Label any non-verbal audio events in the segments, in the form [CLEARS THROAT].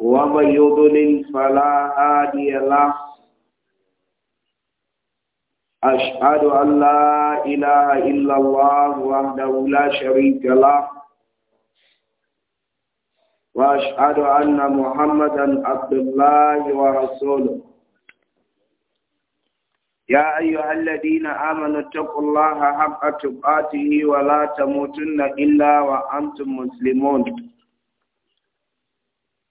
ومن يضلل فلا هادي له أشهد أن لا إله إلا الله وحده لا شريك له وأشهد أن محمدا عبد الله ورسوله يا أيها الذين آمنوا اتقوا الله حق تقاته ولا تموتن إلا وأنتم مسلمون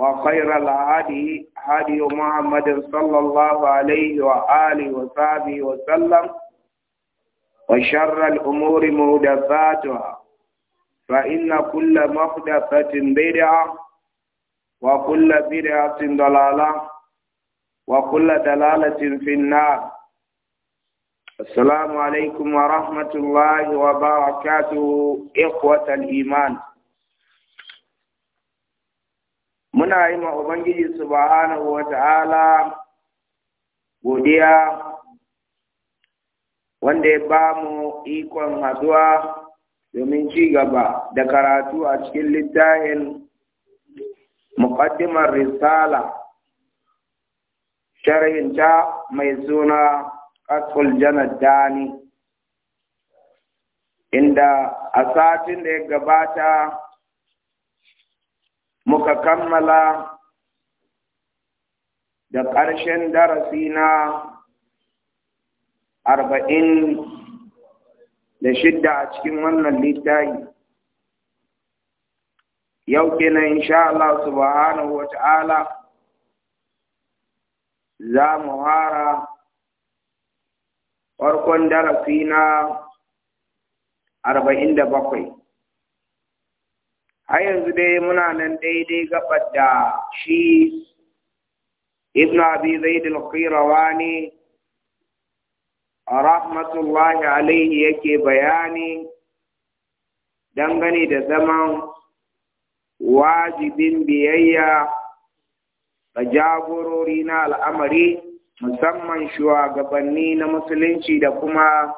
وخير الهادي هادي محمد صلى الله عليه وآله وصحبه وسلم وشر الأمور محدثاتها فإن كل محدثة بدعة وكل بدعة ضلالة وكل دلالة في النار السلام عليكم ورحمة الله وبركاته إخوة الإيمان muna yi ma Ubangiji subhanahu wa ta'ala godiya wanda ya ba mu ikon haduwa domin ci gaba da karatu a cikin littafin muƙaddimar risala sharhin ta mai suna Qatul janar Dani inda a satin da ya gabata muka kammala da ƙarshen darasi na arba'in da shidda a cikin wannan littafi yau kenan insha Allah subhanahu wa ta'ala za mu hara farkon darasi na arba'in da bakwai A yanzu dai muna nan daidai gabar da shi ibn abi zaid al-qirawani rahmatullahi alaihi yake bayani dangane da zaman wajibin biyayya ga jagorori na al'amari musamman shugabanni na musulunci da kuma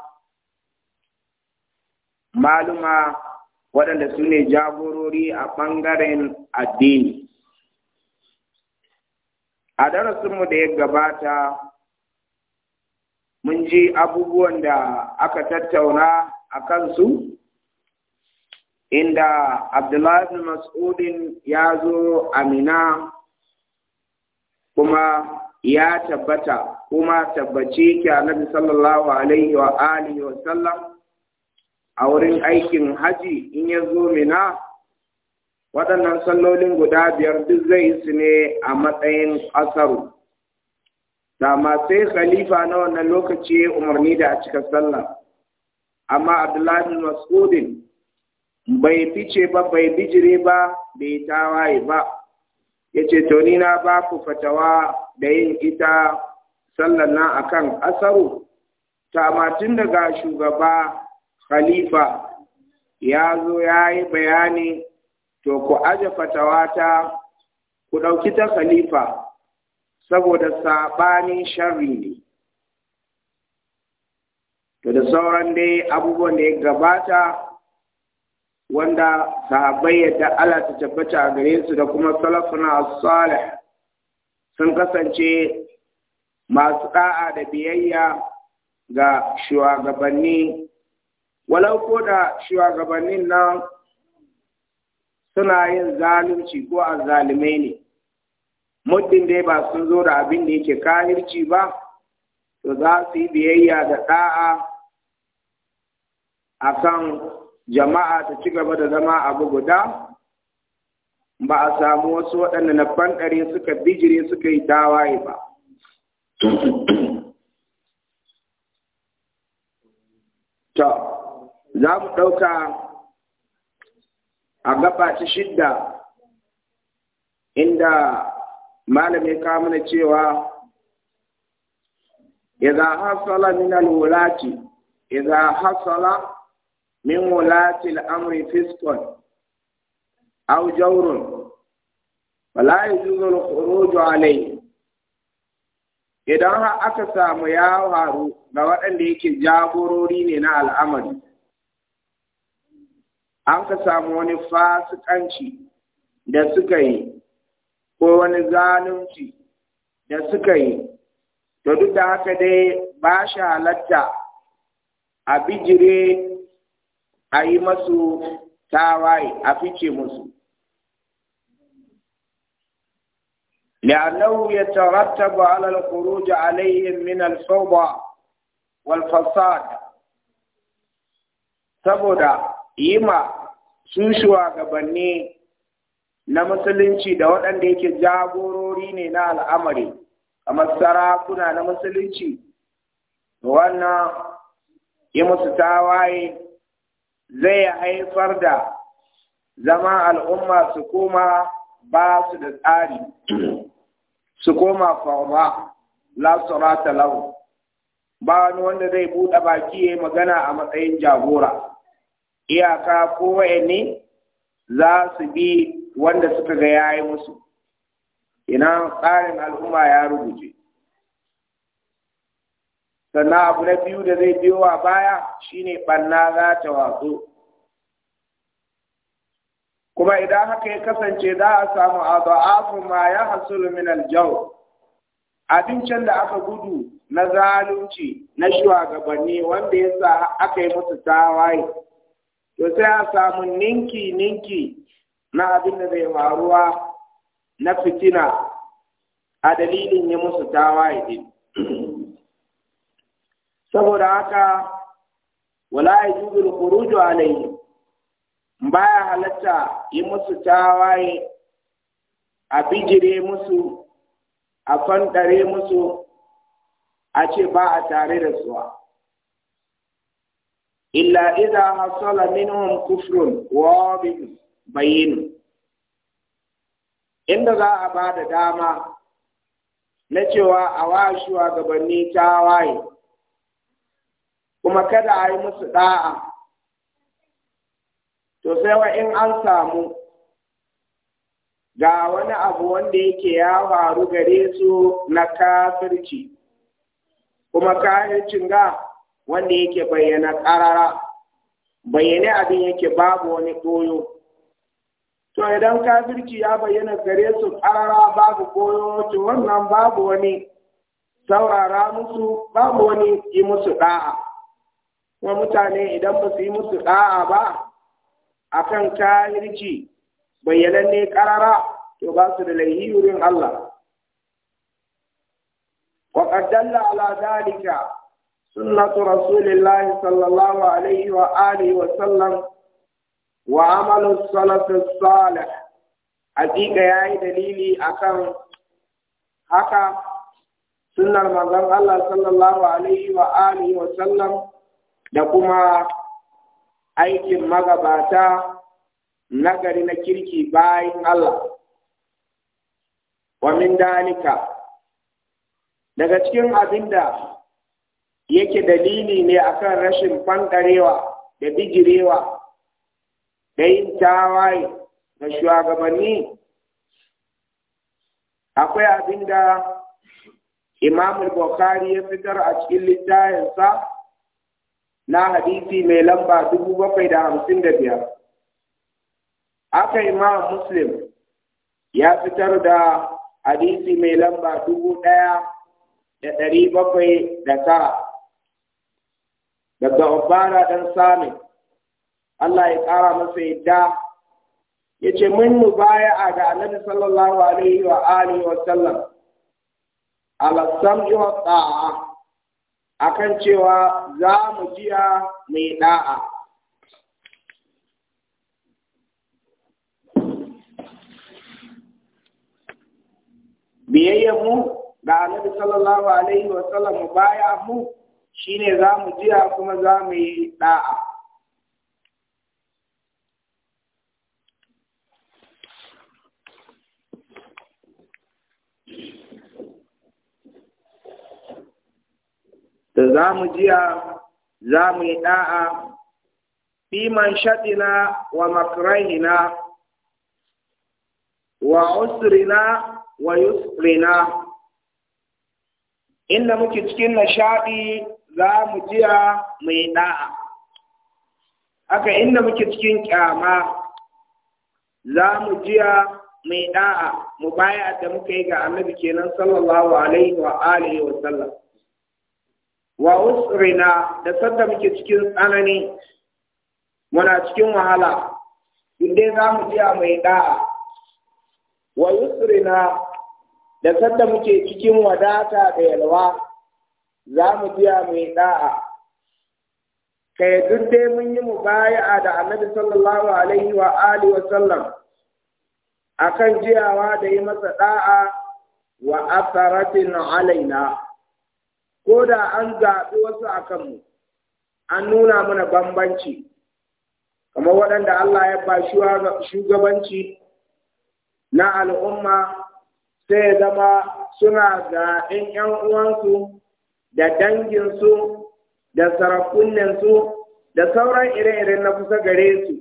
maluma waɗanda su ne jagorori a ɓangaren addini. A darasinmu da ya gabata, mun ji abubuwan da aka tattauna a kansu, inda Abdullahi Mas'udin ya zo Amina kuma ya tabbata, kuma tabbace ke Annabi sallallahu Alaihi wa alihi wa sallam a wurin aikin haji in ya zo mina waɗannan sallolin guda biyar duk zai su ne a matsayin asaru dama sai khalifa na wannan lokaci umarni da a cika sallah amma abdullahi mas'udin bai fice ba bai bijire ba bai tawaye ba ya ce to ni na ba ku fatawa da yin ita sallar na akan asaru tamatin daga shugaba khalifa ya zo ya yi bayani to ku aje fatawata ku ɗauki ta khalifa saboda saɓanin sharri ne to da sauran dai abubuwan da ya gabata wanda sahabbai yadda Allah ta tabbata a gare su da kuma salafuna salih sun kasance masu da'a da biyayya ga shugabanni walau ko da shugabannin na suna yin zalunci ko azzalimai ne muddin dai ba sun zo da abin da yake kahirci ba to za su yi biyayya da ɗa'a a kan jama'a ta ci gaba da zama abu guda ba a samu wasu waɗanda na fanɗare suka bijire suka yi tawaye ba to za mu ɗauka a gaba ta shidda inda malam ya kawo mana cewa idza hasala min al-wulati idza hasala min wulati al-amri fiskon aw jawrun fala yajuzu al-khuruj alayhi idan aka samu ya faru ga waɗanda yake jagorori ne na al'amari an ka samu wani fasikanci da suka yi ko wani zalunci da suka yi to duk da haka dai ba shi halatta a bijire a yi masu tawaye a fice musu لأنه يترتب على الخروج عليهم من الفوضى والفساد saboda yi ma su shugabanni na musulunci da waɗanda yake jagorori ne na al'amari kamar sarakuna na musulunci wannan yi musu tawaye zai haifar da zama al'umma su koma ba su da tsari su koma fama lasarata lau ba wani wanda zai buɗe baki ya yi magana a matsayin jagora iyaka ko ne za su bi wanda suka ga ya yi musu ina tsarin al'umma ya rubuce sannan abu na biyu da zai biyo a baya shine ɓanna za ta watsu kuma idan haka ya kasance za a samu adha'afu ma ya hasulu min abincin da aka gudu na zalunci na shugabanni wanda ya sa aka yi musu tawaye to sai a samu ninki ninki na abin da zai faruwa na fitina a dalilin ya musu tawaye din saboda haka wala yajuzu khuruju alayhi baya halatta yi musu tawaye a bijire musu a fanɗare musu a ce ba a tare da suwa illa idza hasala minhum kufrun wadih yin. inda za a ba da dama na cewa a shuwa gabanni waye. kuma kada a yi musu da'a to sai wa in an samu ga wani abu wanda yake ya faru gare su na kafirci kuma kafircin ga wanda yake bayyana karara, bayyane abin yake babu wani koyo to idan kafirci ya bayyana gare su karara babu koyo to wannan babu wani saurara musu babu wani yi musu ɗa'a kuma mutane idan ba su yi musu ɗa'a ba a akan kafirci bayyananne karara to ba su da laihi wurin Allah وقد دل على ذلك سنة رسول الله صلى الله عليه وآله وسلم وعمل السلف الصالح حقيقة يا دليلي أكم haka sunnar manzon Allah sallallahu alaihi wa alihi wa sallam da kuma aikin magabata nagari na kirki bayan Allah wa min dalika daga cikin abinda yake dalili ne akan rashin fankarewa da bijirewa da yin tawaye da shugabanni akwai abin da imam bukhari ya fitar a cikin littayensa na hadisi mai lamba dubu bakwai da hamsin da biyar aka imam muslim ya fitar da hadisi mai lamba dubu ɗaya da ɗari bakwai da tara daga Obara dan Sami Allah ya ƙara masa yadda ya ce mun mu baya a ga annabi sallallahu alaihi wa alihi wa sallam ala sam'i wa ta'a akan cewa za mu jiya mai da'a biyayyar mu ga annabi sallallahu alaihi wa sallam mu baya mu shine za mu jiya kuma za mu yi ɗa'a. Da za mu jiya za mu yi ɗa'a fi manshatina wa makarahina wa usrina wa yusrina inda muke cikin nishaɗi za mu jiya mai da'a haka inda muke cikin kyama za mu jiya mai da'a mu baya da muka yi ga annabi kenan sallallahu alaihi wa alihi wa sallam wa usrina da sanda muke cikin tsanani muna cikin wahala inda za mu jiya mai da'a wa yusrina da sanda muke cikin wadata da yalwa za mu biya mai da'a kai duk dai mun yi mu baya da annabi sallallahu alaihi wa alihi wa sallam akan jiyawa da yi masa da'a wa asaratin alaina ko da an zaɓi wasu a kanmu an nuna mana bambanci kamar waɗanda Allah ya ba shugabanci na al'umma sai zama suna zaɓen ‘yan uwansu da danginsu da sarakunansu da sauran ire-iren na kusa gare su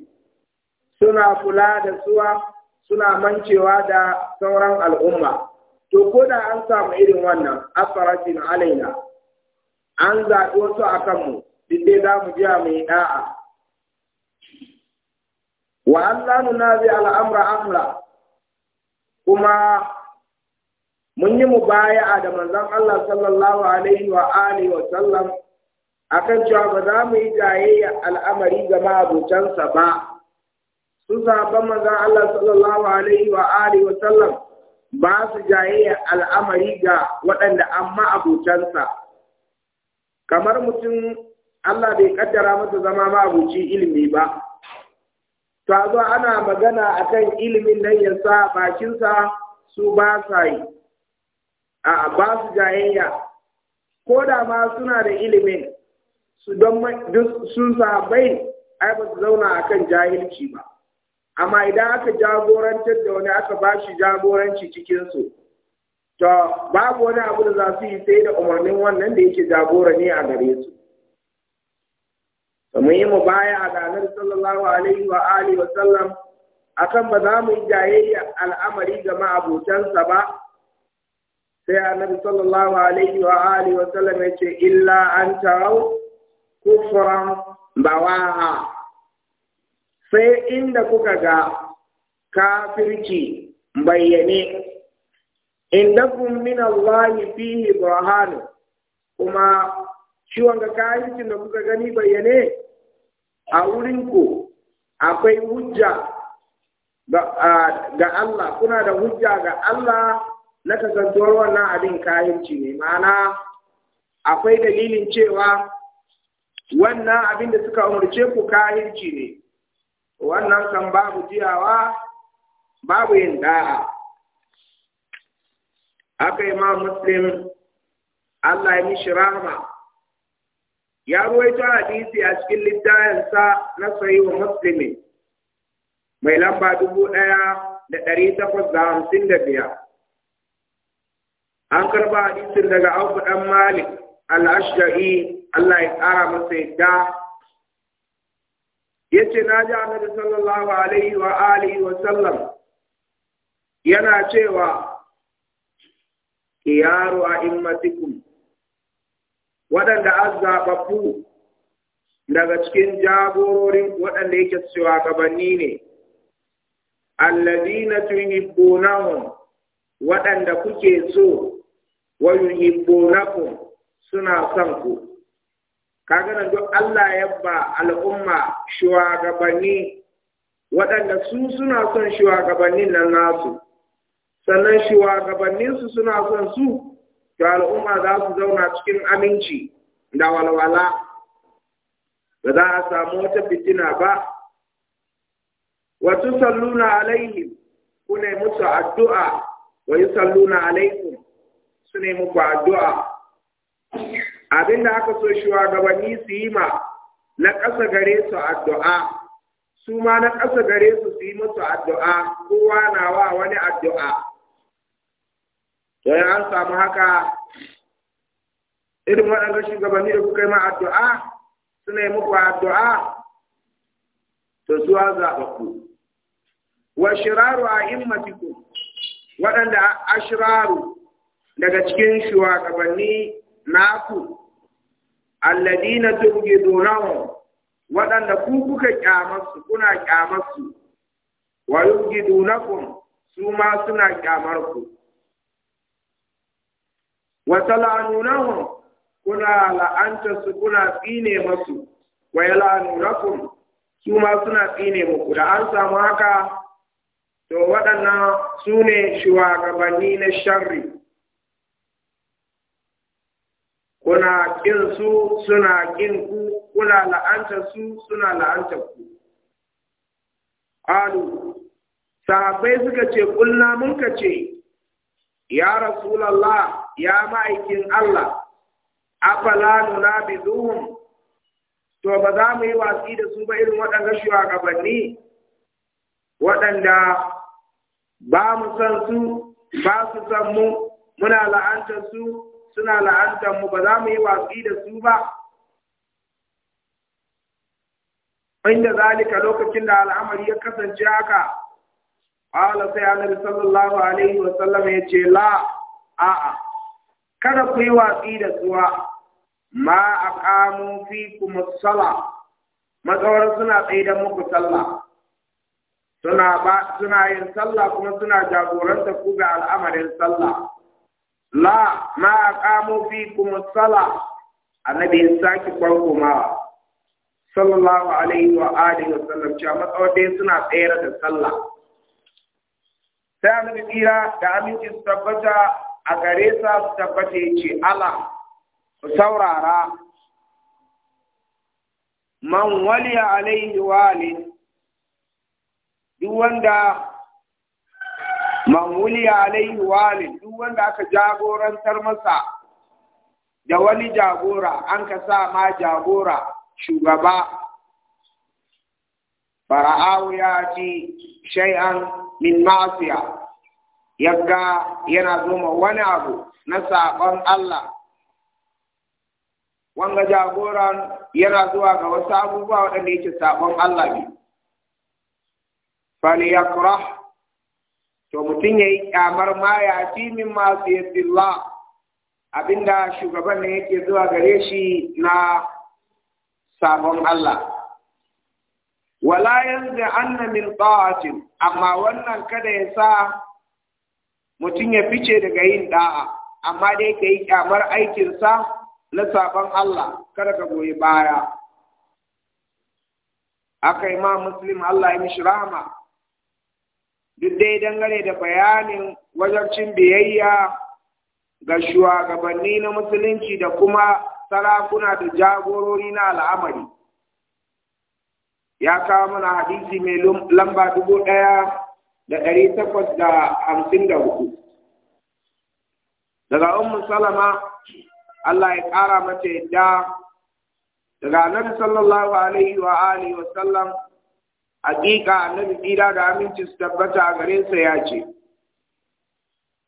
suna kula da suwa suna mancewa da sauran al'umma to koda an samu irin wannan asaratin alaina an zaɓi wasu a kanmu duk dai za mu biya mai ɗa'a wa'an zanuna zai al'amura amra kuma mun yi mubaya'a da manzon Allah sallallahu alaihi wa alihi wa sallam akan cewa ba za mu yi jayayya al'amari ga ma'abucansa ba su sahabban manzon Allah sallallahu alaihi wa alihi wa sallam ba su jayayya al'amari ga waɗanda an ma'abucansa kamar mutum Allah bai kaddara masa zama ma'abuci ilimi ba to ana magana akan ilimin nan ya sa bakinsa su ba sa yi a ba su jayayya ko da ma suna da ilimin su don sun sabai ai ba su zauna akan jahilci ba amma idan aka jagorantar da wani aka ba shi jagoranci cikinsu to babu wani abu da za su yi sai da umarnin wannan da yake jagora ne a gare su mu yi mu baya a ganar sallallahu alaihi wa alihi wa sallam akan ba za mu yi jayayya al'amari ga ma'abotansa ba sai annabi sallallahu alaihi wa alihi wa sallam ya ce illa an tarau kufran bawaha sai inda kuka ga kafirci bayyane Inda kun min Allah fihi burhan kuma shi wanga kafirci da kuka gani bayyane a wurinku akwai hujja ga Allah kuna da hujja ga Allah na kasantuwar wannan abin kayanci ne mana akwai dalilin cewa wannan abin da suka umarce ku kayanci ne wannan kan babu jiyawa babu yin da'a haka yi ma muslim Allah ya mishi rahama ya ruwaito hadisi a cikin littayensa na wa muslimin mai lamba dubu ɗaya da ɗari takwas da hamsin da biyar an karba hadisin daga Abu dan Malik al ashari Allah ya kara masa yadda yace na ji Annabi sallallahu alaihi wa alihi wa sallam yana cewa kiyaru immatikum waɗanda azzababu daga cikin jagororin waɗanda yake gabanni ne alladina tuhibbunahum waɗanda kuke so wa yuhibbunakum suna son ku kaga nan duk Allah ya ba al'umma shugabanni waɗanda su suna son shugabannin nan nasu sannan shugabanninsu su suna son su to al'umma za su zauna cikin aminci da walwala ba za a samu wata fitina ba wa tusalluna alaihim kuna mutu addu'a wa yusalluna alaikum su ne muku addu'a abinda aka so shugabanni su yi ma na ƙasa gare su addu'a su ma na ƙasa gare su su yi musu addu'a kowa na wa wani addu'a don an samu haka irin waɗanda shugabanni da kuka yi ma addu'a suna yi muku addu'a to zuwa zaɓaɓɓu wa shiraru a immatiku waɗanda ashiraru daga cikin shugabanni naku alladina tubgidunahum waɗanda ku kuka kyamarsu kuna kyamarsu wa yubgidunakum su ma suna kyamarku wa talanunahum kuna la'anta su kuna tsine masu wa yalanunakum su ma suna tsine muku da an samu haka to waɗannan su ne shugabanni na sharri kuna kin su suna kin ku kuna la'anta su suna la'anta ku alu sahabbai suka ce kulna mun ka ce ya rasulullah ya ma'aikin Allah afala zuhum to ba za mu yi watsi da su ba irin waɗanda shuwagabanni? waɗanda ba mu san su ba su san mu muna la'anta su suna la'antar mu ba za mu yi watsi da su ba inda zalika lokacin da al'amari ya kasance haka qala sai annabi sallallahu alaihi wa sallam ya ce la a'a kada ku yi watsi da suwa, ma aqamu fi as-sala matsawar suna tsaida muku sallah suna ba suna yin sallah kuma suna jagorantar ku ga al'amarin sallah la ma aqamu fikum as-sala annabi ya saki kwankoma sallallahu alaihi wa alihi wa sallam cewa matsawadai suna tsere da sallah sai annabi kira da aminci su tabbata a gare sa su tabbata ya ce ala saurara man waliya alaihi wa duk wanda mamuli alaihi wali duk wanda aka jagorantar masa da wani jagora an ka sa ma jagora shugaba fara'awu ya ci shay'an min ma'siya yagga yana zoma wani abu na saƙon Allah wanga jagoran yana zuwa ga wasu abubuwa waɗanda yake sabon Allah ne. Fali ya kura to mutum ya yi kyamar ma ya fi min masu yadda abinda shugaban ne yake zuwa gare shi na sabon Allah. Wala yanzu anna min ta'atin amma wannan kada ya sa mutum ya fice daga yin da'a amma dai ka yi kyamar aikinsa na sabon Allah kada ka goyi baya. Aka yi ma Muslim Allah ya mishi rahama duk dai dangane da bayanin wajabcin biyayya ga shugabanni na musulunci da kuma sarakuna da jagorori na al'amari ya kawo mana hadisi mai lamba dubu ɗaya da ɗari takwas da hamsin da hudu daga ummu salama Allah ya ƙara mata yadda daga annabi sallallahu alaihi wa alihi wa sallam hakika annabi tsira da aminci su tabbata a gare sa ya ce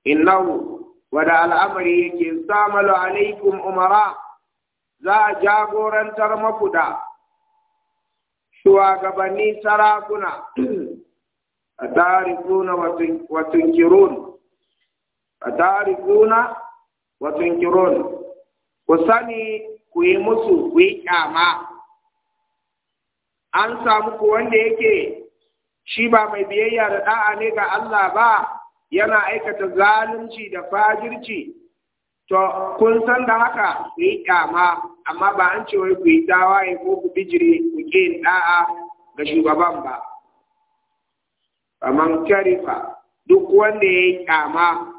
innahu da al'amari yake samalu alaikum umara za a jagorantar maku da shugabanni sarakuna a tarikuna a tarikuna watan kirun ku sani ku yi musu ku yi an samu ko wanda yake shi ba mai biyayya da da'a ne ga Allah ba yana aikata zalunci da fajirci to kun san da haka ku yi kyama amma ba an ce wai ku yi tawaye ko ku bijire ku ke da'a ga shugaban ba amma karifa duk wanda ya yi kyama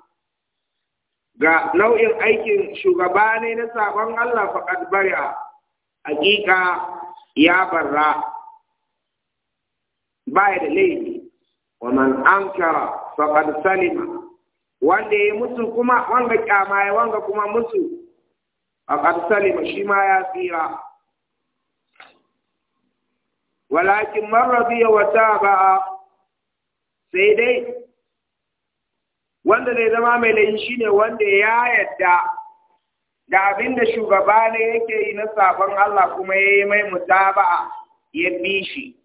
ga nau'in aikin shugaba ne na sabon Allah faƙad a hakika ya barra baya da laifi wa man ankara faqad salima wanda ya musu kuma wanga kyama ya wanga kuma musu faqad salima shi ma ya tsira walakin man radiya wa taba sai dai wanda zai zama mai shi shine wanda ya yadda da abin da shugaba ne yake yi na sabon Allah kuma ya yi mai mutaba'a ya bi shi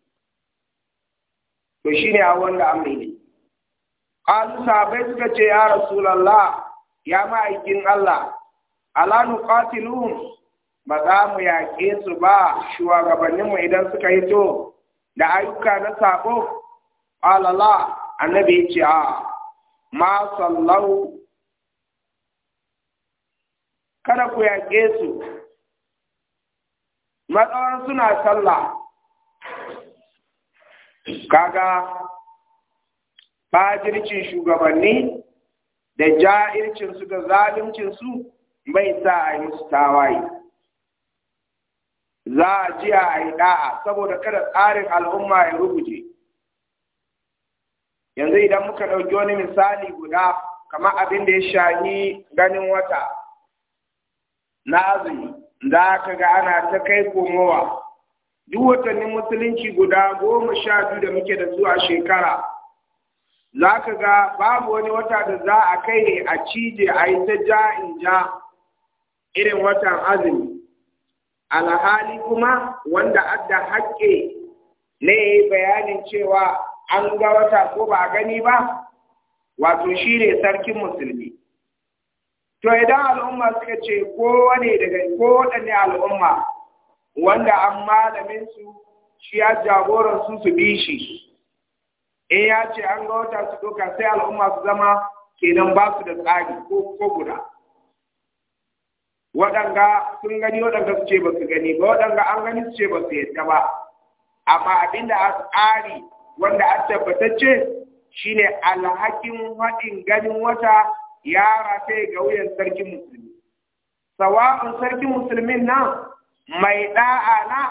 to shi ne a wanda amri ne kalu sahabai suka ce ya rasulallah ya ma'aikin Allah ala katilu ba za mu yaƙe su ba shugabanninmu idan suka yi to da ayyuka na sabo alala annabi ya ce a ma sallau kada ku yaƙe su matsawar suna sallah kaga fajircin shugabanni da ja'ircinsu da zaluncinsu bai sa a yi musu tawaye za a ji a yi da'a saboda kada tsarin al'umma ya rubuje yanzu idan muka ɗauki wani misali guda kamar abin da ya shahi ganin wata na azumi za ka ga ana ta kai komowa duk watannin musulunci guda goma sha biyu da muke da su a shekara za ka ga babu wani wata da za a kai a cije a yi ta ja in ja irin watan azumi alhali kuma wanda adda haƙƙe ne ya yi bayanin cewa an ga wata ko ba a gani ba wato shi ne sarkin musulmi to idan al'umma suka ce kowane daga ko waɗanne al'umma wanda an malamin su shi ya jagoran su su bi shi in ya ce an ga wata su doka sai al'umma su zama kenan ba su da tsari ko ko guda waɗanga sun gani waɗanga su ce ba su gani ba waɗanga an gani su ce ba su yadda ba amma abinda a tsari wanda a tabbatacce shine alhakin haɗin ganin wata ya rafe ga wuyan sarkin musulmi sawa'un sarkin musulmin nan mai da'a na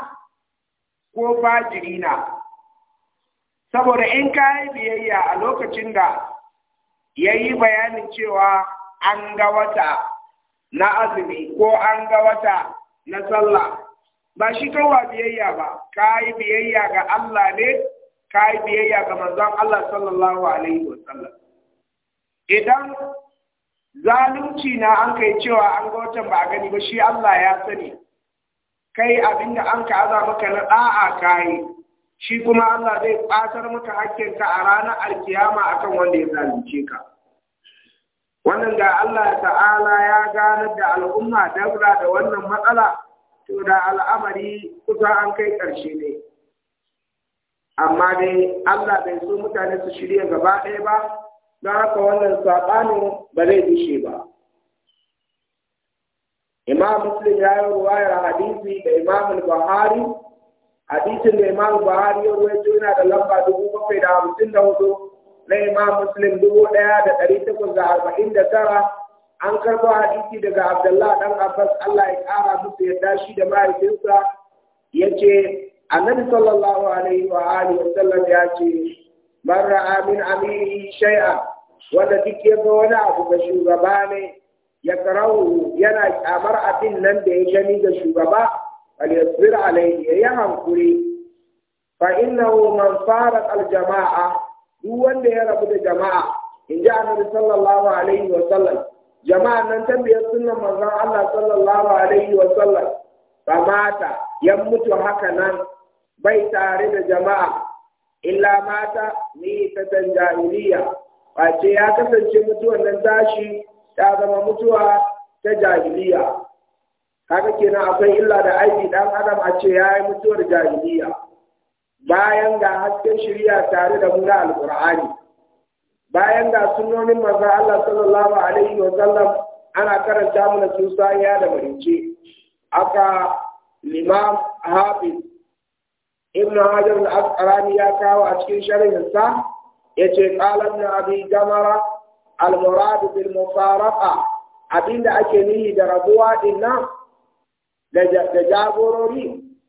ko fajiri na saboda in ka yi biyayya a lokacin da ya yi bayanin cewa an ga wata na azumi ko an ga wata na sallah ba shi kawai biyayya ba ka yi biyayya ga Allah ne ka yi biyayya ga manzon Allah sallallahu alaihi wa idan zalunci na an kai cewa an ga watan ba a gani ba shi Allah ya sani kai abinda an ka aza maka na da'a kai shi kuma Allah zai ɓatar maka hakkinka a ranar alkiyama akan wanda ya zalunce ka wannan da Allah ta'ala ya ganar da al'umma dabra da wannan matsala to da al'amari kusa an kai karshe ne amma dai Allah bai so mutane su shirya gaba ɗaya ba don haka wannan saɓanin ba zai dushe ba imam muslim ya yi ruwayar hadisi da imam buhari hadisin da imam buhari ya yana da lamba dubu bakwai da hamsin da hudu na imam muslim dubu ɗaya da ɗari takwas da arba'in da tara an karɓo hadisi daga abdullah dan abbas allah ya ƙara musu yadda shi da mahaifinsa ya ce annabi sallallahu alaihi wa alihi ya ce wanda duk ya ga wani abu ga shugaba ne ya karahu yana kyamar abin nan da ya gani da shugaba al a alaihi ya yi hankuri fa innahu man fara al jama'a duk wanda ya rabu da jama'a in ji annabi sallallahu alaihi wa sallam jama'a nan biyar sunan manzon Allah sallallahu alaihi wa sallam mata, ya mutu haka nan bai tare da jama'a illa mata ne ta jahiliya Wace ya kasance mutuwan nan tashi Ya zama mutuwa ta jahiliya haka kenan akwai illa da aiki dan adam a ce ya yi mutuwar jahiliya bayan ga hasken shirya tare da muna alkur'ani bayan ga sunonin manzon Allah sallallahu alaihi wa sallam ana karanta mana su sahiya da marince aka limam hafiz ibn hajar al-asqalani ya kawo a cikin sharhin sa yace qala ibn Almuradu murad bil mufaraqa abinda ake nihi da rabuwa dinnan da jagorori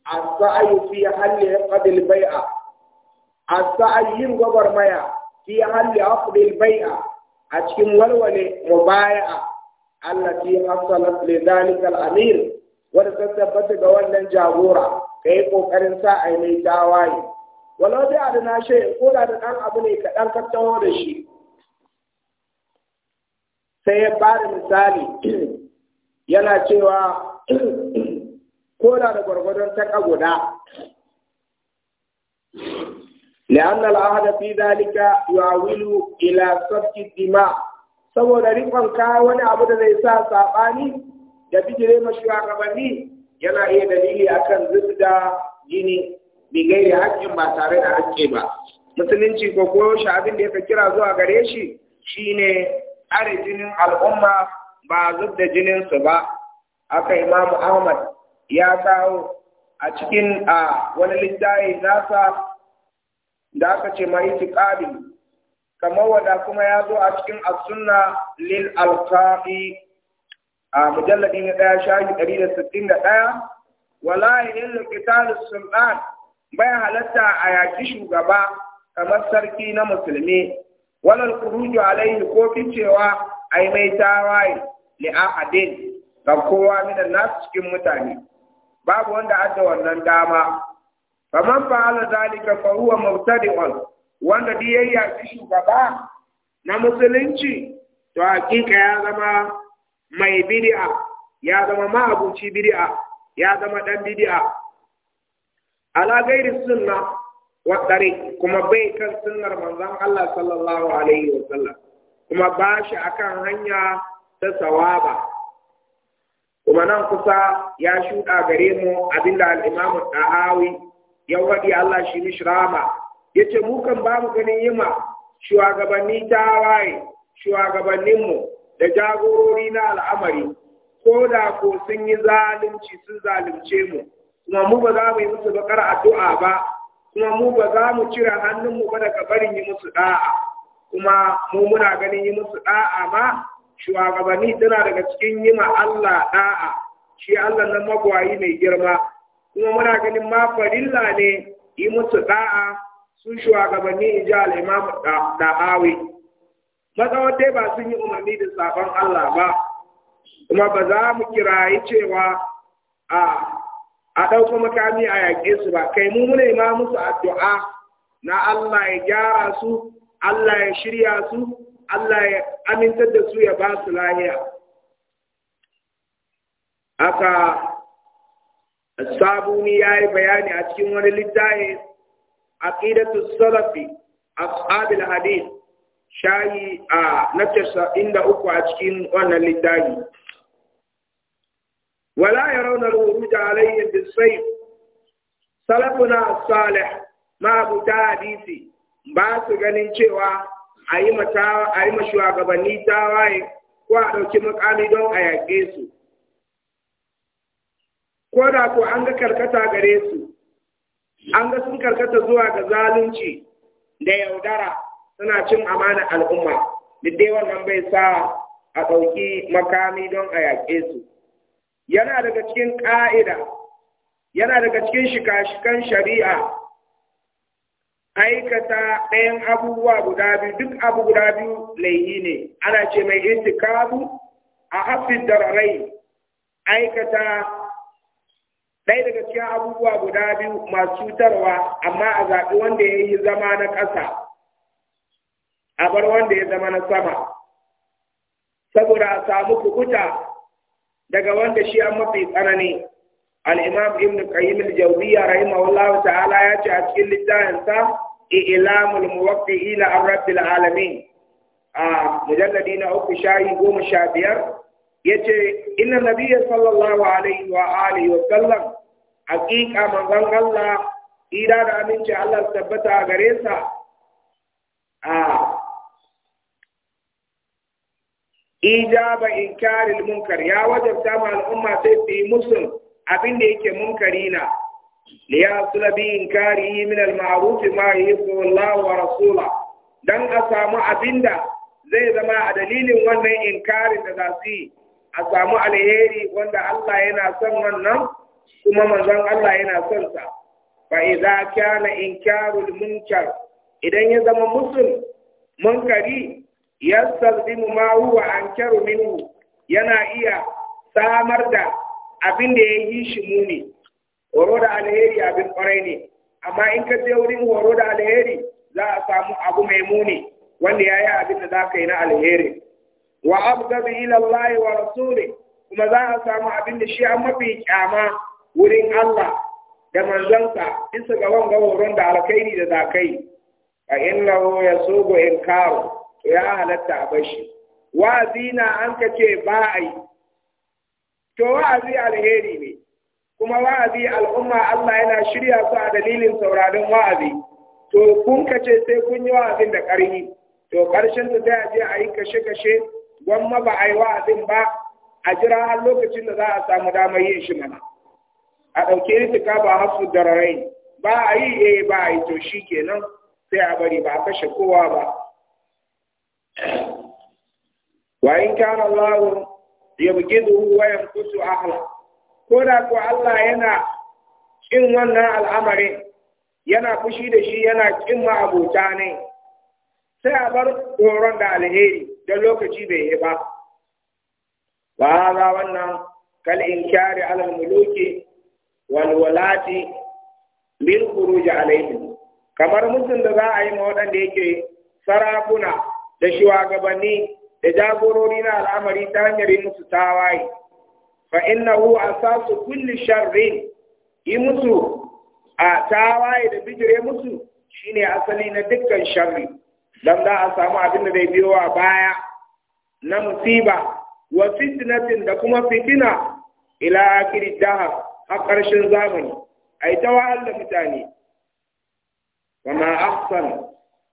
as-sa'yu fi halli qadil bai'a as-sa'yin bai'a a cikin walwale mubaya'a allati hasalat li dhalika al-amir wanda ta tabbata ga wannan jagora ka yi ƙoƙarin sa'a a mai tawaye walau dai adana shi ko da da ɗan abu ne ka ɗan da shi sai ya da misali yana cewa [CLEARS THROAT] ko da da gwargwadon taka guda لأن العهد في ذلك يعول إلى سفك saboda rikon ka wani abu da zai sa saɓani da bijire mashi shugabanni yana iya dalili akan zubda gini bi gairi haƙƙin ba tare da haƙƙi ba musulunci ko koyo abin da yaka kira zuwa gare shi shine are jinin al'umma ba zub da jininsu ba aka imamu ahmad ya kawo a cikin a wani littafi nasa da aka ce mai tiƙabi kamar wadda kuma ya zo a cikin as-sunna lil alqabi a mujalladi da ɗaya shafi ɗari da sittin da ɗaya wala sultan bai halatta a yaki shugaba kamar sarki na musulmi walal kuruju alaihi ko ficewa ai mai tawaye li ahadin ga kowa min nas cikin mutane babu wanda adda wannan dama faman ala zalika fa huwa mubtadi'un wanda dai yayi yaki shugaba na musulunci to hakika ya zama mai bid'a ya zama mahabuci bid'a ya zama dan bid'a ala gairi sunna wattare kuma bai kan sunnar manzon Allah sallallahu alaihi wa sallam kuma ba shi akan hanya ta sawaba kuma nan kusa ya shuɗa gare mu abinda al-Imam Tahawi ya wadi Allah shi mishrama yace mu kan ba mu ganin yima shugabanni tawaye mu da jagorori na al'amari ko da ko sun yi zalunci sun zalunce mu kuma mu ba za mu yi musu bakar addu'a ba kuma mu ba za mu cire mu ba daga barin yi musu da'a kuma mu muna ganin yi musu da'a ma shugabanni tana daga cikin yi ma Allah da'a shi Allah na magwayi mai girma kuma muna ganin ma farilla ne yi musu da'a sun shugabanni in ji da'awi matsawar dai ba sun yi umarni da sabon Allah ba kuma ba za mu kirayi cewa a a ɗauko makami a yaƙe su ba kai mu muna ma musu addu'a na Allah ya gyara su Allah ya shirya su Allah ya amintar da su ya ba su lahiya aka sabuni ya yi bayani a cikin wani littafi aqidatu salafi ashabil hadith shayi a na uku a cikin wannan littafi ولا يرون الخروج عليهم بالسيف سلفنا الصالح ما أبو تاديسي ba su ganin cewa a yi ma shugabanni tawaye ko a ɗauki makami don a yaƙe su. Ko da an ga karkata gare su, an ga sun karkata zuwa ga zalunci da yaudara suna cin amana al'umma, da dai nan bai sa a ɗauki makami don a yaƙe su. yana daga cikin ƙa'ida yana daga cikin shika-shikan shari'a aikata ɗayan abubuwa guda biyu duk abu guda biyu laihi ne ana ce mai istikabu a hafin dararai aikata ɗaya daga cikin abubuwa guda biyu masu cutarwa amma a zaɓi wanda ya yi zama na ƙasa a bar wanda ya zama na sama saboda a samu kukuta daga wanda shi an mafi tsanani alimam Ibn ibn qayyim al-jawziyya rahimahullahu ta'ala ya ce a cikin littafin sa i'lamul ila an rabbil alamin a mujalladi na uku shayi goma sha biyar ya ce "Ina nabiyya sallallahu alaihi wa alihi wa sallam Haƙiƙa manzon Allah ira da aminci Allah tabbata gare sa ijaba inkaril munkar ya wajabta ma al'umma sai su yi musun abin da yake munkari na liya sulabi inkari min al-ma'ruf ma yuhibbu Allah wa rasula dan a samu abinda zai zama a dalilin wannan inkarin da za su a samu alheri wanda Allah yana son wannan kuma manzon Allah yana son sa fa idza kana inkarul munkar idan ya zama musul munkari yastalzimu ma huwa ankaru minhu yana iya samar da abin da ya yi shi muni horo da alheri abin kwarai ne amma in ka je wurin horo da alheri za a samu abu mai muni wanda ya yi abin da za ka yi na alheri wa abgadu ila Allah wa rasuli kuma za a samu abin da shi an mafi kyama wurin Allah da manzansa bisa ga wanga horon da alkhairi da zakai fa innahu yasubu inkaru ya halatta a bashi wa'azi na an ka ce ba a yi to wa'azi alheri ne kuma wa'azi al'umma Allah yana shirya su a dalilin sauraron wa'azi to kun ka ce sai kun yi wa'azin da ƙarfi to ƙarshen ta sai a je a yi kashe-kashe gwamma ba a yi wa'azin ba a jira har lokacin da za a samu damar yin shi mana a ɗauke ka ba hasu dararai ba a yi eh ba a yi to shi kenan sai a bari ba a kashe kowa ba wa in kana Allah yabghidu wa yanqusu ahla ko da ko Allah yana kin wannan al'amarin yana fushi da shi yana kin ma abota ne sai a bar tsoron da alheri da lokaci bai yi ba ba hada wannan kal inkari alal muluki wal walati lil khuruj alaihim kamar mutum da za a yi ma waɗanda yake sarakuna da shugabanni da jagorori na al'amari ta hanyar yi musu tawaye fa innahu asasu kulli sharri yi musu a tawaye da bijire musu shine asali na dukkan sharri dan za a samu abin da zai biyo a baya na musiba wa fitnatin da kuma fitina ila akhiri daha a ƙarshen zamani ai ta mutane wa ma ahsan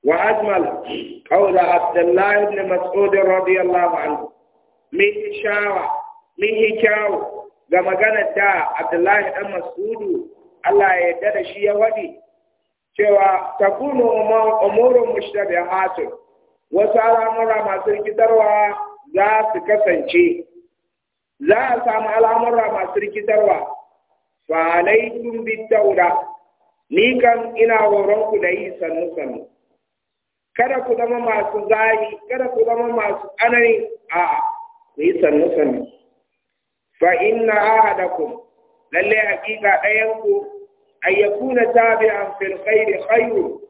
وأجمل قول عبد الله بن مسعود رضي الله عنه من شاوة من هكاو كما كان دا عبد الله بن مسعود الله يدد شيء ودي cewa ta kuna umurin mushtabi hatin wasu al'amura masu rikitarwa za su kasance za a samu al'amura masu rikitarwa fa tun bi tauda ni kan ina horon ku da yi sannu sannu kada ku zama masu zagi kada ku zama masu anani a ku yi sannu sannu fa inna ahadakum lalle hakika ɗayan ku Ayyaku na tabi'an fil khairi khairu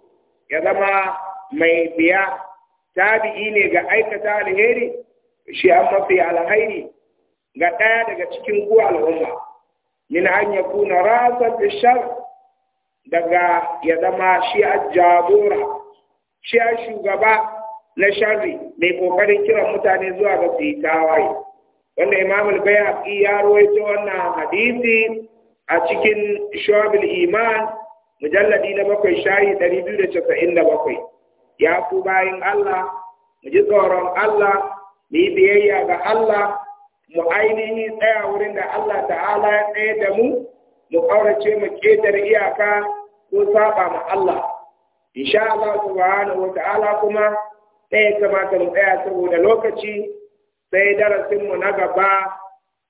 ya zama mai biya tabi'i ne ga aikata alheri shi an mafi alheri ga ɗaya daga cikin ku al'umma min an yakuna rasa bishar daga ya zama shi a jagora shi ya shugaba na sharri mai kokarin kiran mutane zuwa ga su yi tawaye wanda imam al ya rawaito wannan hadisi a cikin shobil iman mujalladi na bakwai shayi ɗari biyu da da casa'in bakwai. ya ku bayan Allah mu ji tsoron Allah mu yi biyayya ga Allah mu ainihi tsaya wurin da Allah ta'ala ya tsaye da mu mu ƙaurace mu ƙetare iyaka ko saɓa ma Allah insha Allah subhanahu wa ta'ala kuma sai kamata mu tsaya saboda lokaci sai darasin mu na gaba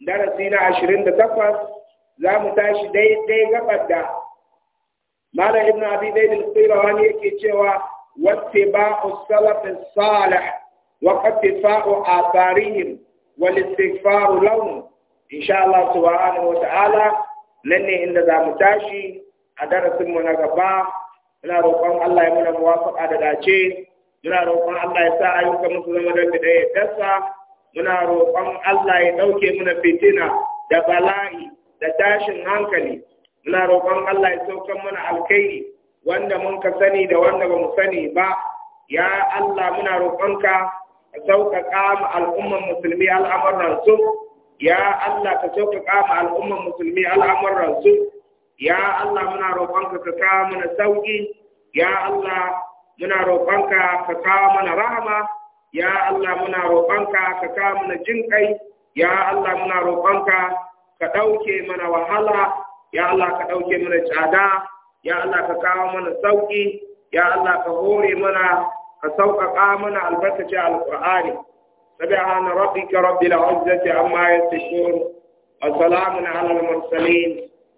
darasi na 28 za mu tashi daidai gabar da Malam Ibn Abi Zaid al-Qayrawani yake cewa wattiba'u salaf salih wa qatifa'u atharihim wal istighfaru lahum insha Allah subhanahu wa ta'ala nan ne inda za mu tashi a darasin mu na gaba muna roƙon Allah ya mana muwafaqa da dace muna roƙon Allah ya sa ayyukan mu zama da da ya dasa muna roƙon Allah ya dauke mana fitina da bala'i da tashin hankali muna roƙon Allah ya sauka mana alkhairi wanda mun ka sani da wanda ba mu sani ba ya Allah muna roƙonka ka sauƙaƙa ma al'umman musulmi al'amuran su ya Allah ka sauƙaƙa ma al'umman musulmi al'amuran su ya Allah muna roƙonka ka kawo mana sauƙi ya Allah muna roƙonka ka kawo mana rahama ya Allah muna roƙonka ka kawo mana jinƙai ya Allah muna roƙonka ka ɗauke mana wahala ya Allah ka ɗauke mana tsada ya Allah ka kawo mana sauƙi ya Allah ka hore mana ka sauƙaƙa mana albarkacin alƙur'ani سبحان ربك رب العزة عما يصفون وسلام على المرسلين